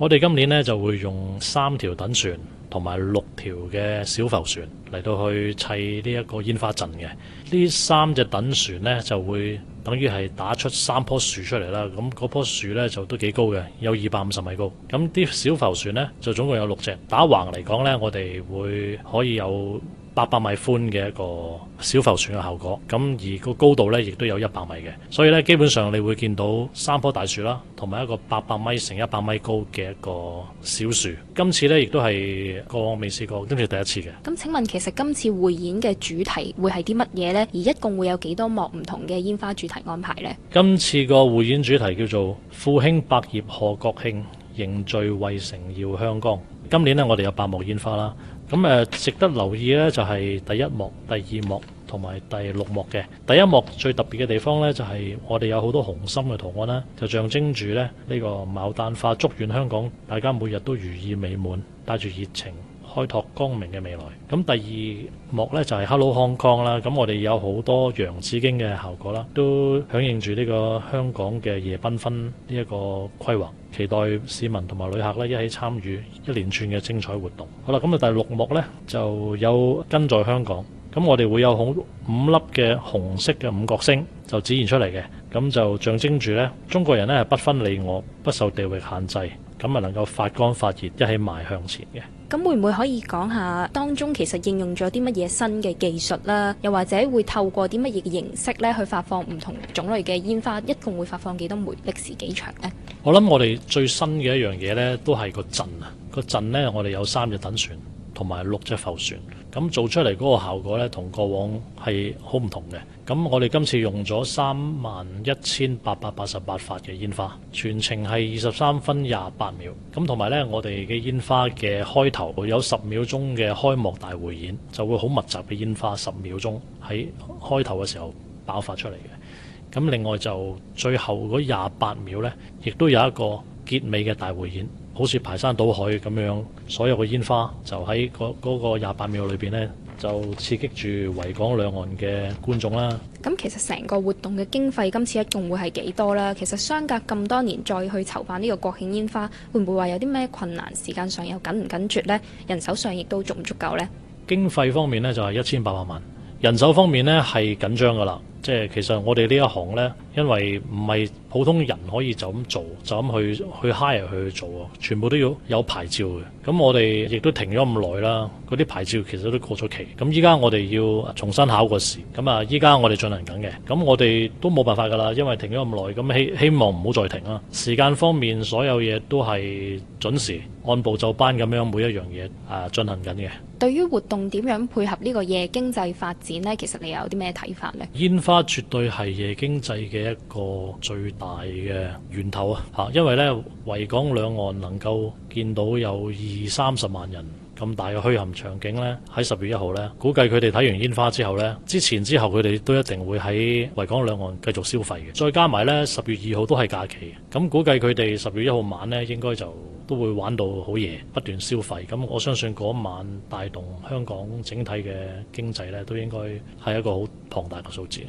我哋今年呢，就會用三條躉船同埋六條嘅小浮船嚟到去砌呢一個煙花陣嘅。呢三隻躉船呢，就會等於係打出三棵樹出嚟啦。咁嗰棵樹呢，就都幾高嘅，有二百五十米高。咁啲小浮船呢，就總共有六隻，打橫嚟講呢，我哋會可以有八百米寬嘅一個小浮船嘅效果，咁而那個高度呢，亦都有一百米嘅。所以呢，基本上你會見到三棵大樹啦，同埋一個八百米乘一百米高嘅一個小樹。今次呢，亦都係過往未試過，今次係第一次嘅。咁請問其實今次匯演嘅主題會係啲乜嘢呢？而一共會有幾多幕唔同嘅煙花主題安排呢？今次個匯演主題叫做“富興百業賀國慶，盈聚慧城耀香江”。今年呢，我哋有八幕煙花啦。咁誒，值得留意呢，就係第一幕、第二幕同埋第六幕嘅。第一幕最特別嘅地方呢，就係我哋有好多紅心嘅圖案啦，就象徵住呢呢個牡丹花，祝願香港大家每日都如意美滿，帶住熱情，開拓光明嘅未來。咁第二幕呢，就係 Hello Hong Kong 啦。咁我哋有好多洋紫荊嘅效果啦，都響應住呢個香港嘅夜繽紛呢一個規劃。期待市民同埋旅客呢，一起參與一連串嘅精彩活動。好啦，咁啊，第六幕呢，就有跟在香港。咁我哋會有好五粒嘅紅色嘅五角星就展現出嚟嘅。咁就象徵住呢，中國人呢係不分你我，不受地域限制，咁咪能夠發光發熱，一起邁向前嘅。咁會唔會可以講下當中其實應用咗啲乜嘢新嘅技術啦？又或者會透過啲乜嘢形式呢去發放唔同種類嘅煙花？一共會發放幾多枚？歷時幾長呢？我諗我哋最新嘅一樣嘢呢，都係躉船啊！那個躉船呢，我哋有三隻躉船。同埋六隻浮船，咁做出嚟嗰個效果咧，同過往係好唔同嘅。咁我哋今次用咗三萬一千八百八十八發嘅煙花，全程係二十三分廿八秒。咁同埋咧，我哋嘅煙花嘅開頭會有十秒鐘嘅開幕大匯演，就會好密集嘅煙花十秒鐘喺開頭嘅時候爆發出嚟嘅。咁另外就最後嗰廿八秒咧，亦都有一個結尾嘅大匯演。好似排山倒海咁樣，所有嘅煙花就喺嗰、嗰個廿八秒裏邊呢，就刺激住維港兩岸嘅觀眾啦。咁其實成個活動嘅經費今次一共會係幾多啦？其實相隔咁多年再去籌辦呢個國慶煙花，會唔會話有啲咩困難？時間上又緊唔緊絕呢？人手上亦都足唔足夠呢？經費方面呢，就係一千八百萬，人手方面呢，係緊張噶啦。即係其實我哋呢一行呢。因為唔係普通人可以就咁做，就咁去去 high 去做，全部都要有牌照嘅。咁我哋亦都停咗咁耐啦，嗰啲牌照其實都過咗期。咁依家我哋要重新考個試，咁啊依家我哋進行緊嘅。咁我哋都冇辦法噶啦，因為停咗咁耐，咁希希望唔好再停啦。時間方面，所有嘢都係準時按部就班咁樣每一樣嘢啊進行緊嘅。對於活動點樣配合呢個夜經濟發展呢？其實你有啲咩睇法呢？煙花絕對係夜經濟嘅。一個最大嘅源頭啊！吓，因為咧，維港兩岸能夠見到有二三十萬人咁大嘅墟冚場景咧，喺十月一號咧，估計佢哋睇完煙花之後咧，之前之後，佢哋都一定會喺維港兩岸繼續消費嘅。再加埋咧，十月二號都係假期，咁估計佢哋十月一號晚咧，應該就都會玩到好夜，不斷消費，咁我相信嗰晚帶動香港整體嘅經濟咧，都應該係一個好龐大嘅數字。